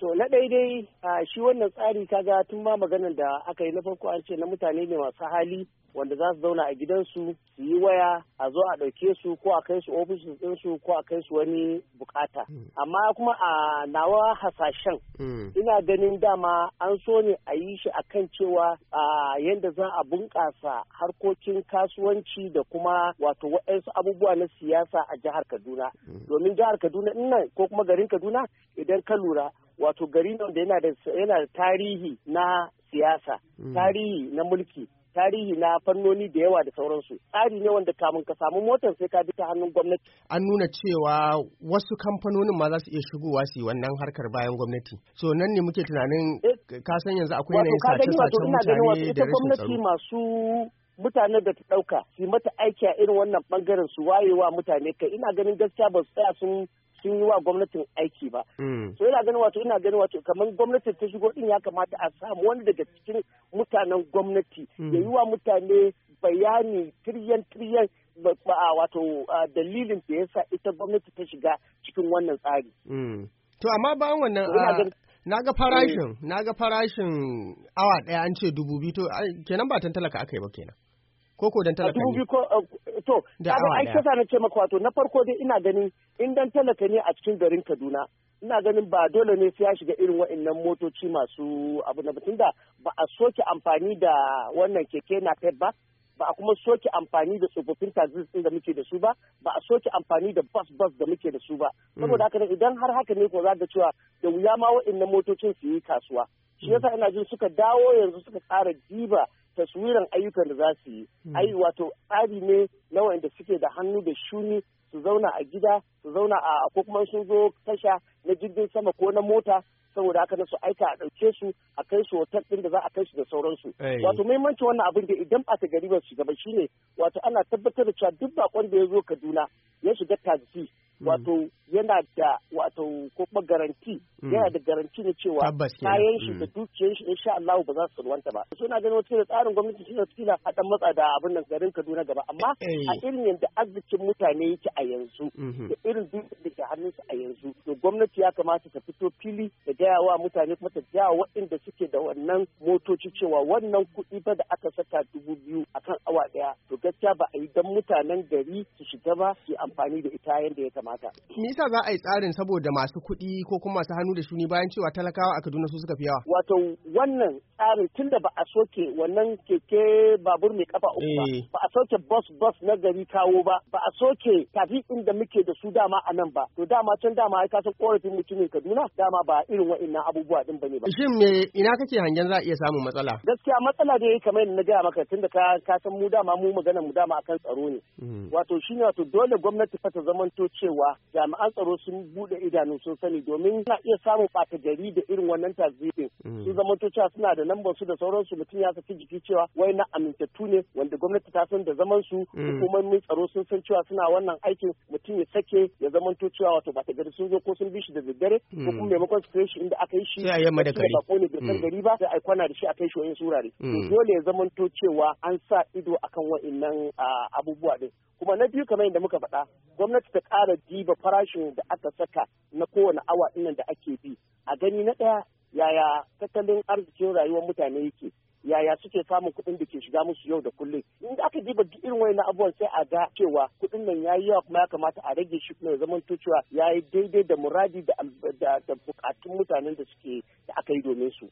To na daidai a shi wannan tsari kaga tun ma maganar da aka yi na farko an ce na mutane ne masu hali wanda za su zauna a gidansu su yi waya a zo a ɗauke su ko a kai su ofishin ɗinsu ko a kai su wani bukata. Hmm. Amma kuma a nawa hasashen hmm. ina ganin dama an so ne a yi shi a kan cewa a yadda za a bunƙasa harkokin kasuwanci da kuma wato waɗansu abubuwa na siyasa a jihar Kaduna. Hmm. Domin jihar Kaduna nan ko kuma garin Kaduna idan ka lura wato gari ne wanda yana da yana da tarihi na siyasa mm. tarihi na mulki tarihi na fannoni da yawa da sauransu tsari ne wanda kamun ka samu motar sai ka bi ta hannun gwamnati an nuna cewa wasu kamfanonin ma za su iya shigowa su yi wannan harkar bayan gwamnati so nan ne muke tunanin eh, ka san yanzu akwai yanayin sace-sacen mutane da rashin tsaro masu mutanen da ta ɗauka su mata aiki a irin wannan ɓangaren su wayewa mutane kai ina ganin gaskiya ba su tsaya sun sun yi wa gwamnatin aiki ba. Hmm. So ina ganin wato ina ganin wato kamar gwamnatin ta shigo din ya kamata a samu wani daga cikin mutanen gwamnati hmm. ya yi wa mutane bayani tiryan tiryan wato dalilin da yasa ita gwamnati ta shiga cikin wannan tsari. Hmm. To amma bayan wannan na ga farashin eh. na ga farashin awa ɗaya an ce dubu biyu to kenan ba tan ka aka yi ba kenan. ko ko dan talaka ne eh, to kaga ai kasa na ce maka wato na farko dai ina ganin in dan talaka ne a cikin garin Kaduna ina ganin ba dole ne sai ya shiga irin wa'annan motoci masu abu na tunda ba a soke amfani da wannan keke na ba ba a kuma soke amfani da tsofaffin tazis din da muke da su ba ba a soke amfani da bus bus da muke da su ba mm. saboda haka idan har haka ne ko za ga cewa da wuya ma wa'annan motocin su yi kasuwa mm. shi yasa ina jin suka dawo yanzu suka tsara diba taswiran ayyukan da za su yi hmm. ai wato tsari ne na wanda suke da hannu da shuni su zauna a gida su zauna a ko kuma sun zo tasha na jirgin sama ko na mota saboda haka na su aika a ɗauke su a kai su hotel ɗin da za a kai su da sauransu. Wato muhimmancin wannan abin da idan ba ta gari ba su gaba shine wato ana tabbatar da cewa duk bakon da ya zo Kaduna ya shiga taxi hmm. wato yana da wato ko kuma garanti mm. yana da garanti na cewa kayan shi da mm. dukiyar shi insha Allah ba za su ruwanta ba suna ganin wata da tsarin gwamnati shi kila a dan matsa da abin nan garin Kaduna gaba amma eh. a irin yadda arzikin mutane yake a yanzu mm-hmm. da irin dukiyar da ke hannun su a yanzu to gwamnati ya kamata ta fito fili da gaya wa mutane kuma ta gaya waɗanda suke da wannan motoci cewa wannan kuɗi ba da aka saka dubu biyu akan awa ɗaya to gaskiya ba a yi dan mutanen gari su shiga ba su amfani da ita yadda ya kamata yasa za a yi tsarin saboda masu kuɗi ko kuma masu hannu da shuni bayan cewa talakawa a Kaduna su suka fi yawa? Wato wannan tsarin tunda ba a soke wannan keke babur mai kafa uku ba, eh. ba a soke bus bus na gari kawo ba, ba a soke tafi inda muke da su dama a nan ba. To dama can dama ai kasan korafin mutumin Kaduna dama ba irin wa'annan abubuwa din bane ba. Shin me ina kake hangen za a iya samun matsala? Gaskiya matsala dai kamar yadda na gaya maka tun da ka kasan mu dama mu magana mu dama akan tsaro ne. Hmm. Wato shine wato dole gwamnati fa ta zamanto cewa jami'an jami'an tsaro sun bude idanu sun sani domin suna iya samun bata gari da irin wannan tazirin mm. su zama cewa suna da lambar su da sauransu mutum ya saki jiki cewa wai na amintattu ne wanda gwamnati ta san da zaman su mm. hukumomin tsaro sun san cewa suna wannan aikin mutum ya sake ya zama cewa wato bata gari sun zo ko sun bi shi da daddare mm. ko kuma maimakon su kai shi inda aka yi shi sai a yamma da gari ba ne bai gari ba sai a kwana da shi a kai shi wani surare dole ya zama cewa an sa ido akan wa'annan ah, abubuwa din kuma na biyu kamar yadda muka faɗa gwamnati ta ƙara diba farashin da aka saka na kowane awa ɗinnan da ake bi a gani na ɗaya yaya tattalin arzikin rayuwar mutane yake yaya suke samun kuɗin da ke shiga musu yau da kullum in da aka diba irin irin na abubuwan sai a ga cewa kuɗin nan yayi yawa kuma ya kamata a rage shi kuma ya zama cewa yayi daidai da muradi da bukatun mutanen da suke da aka yi domin su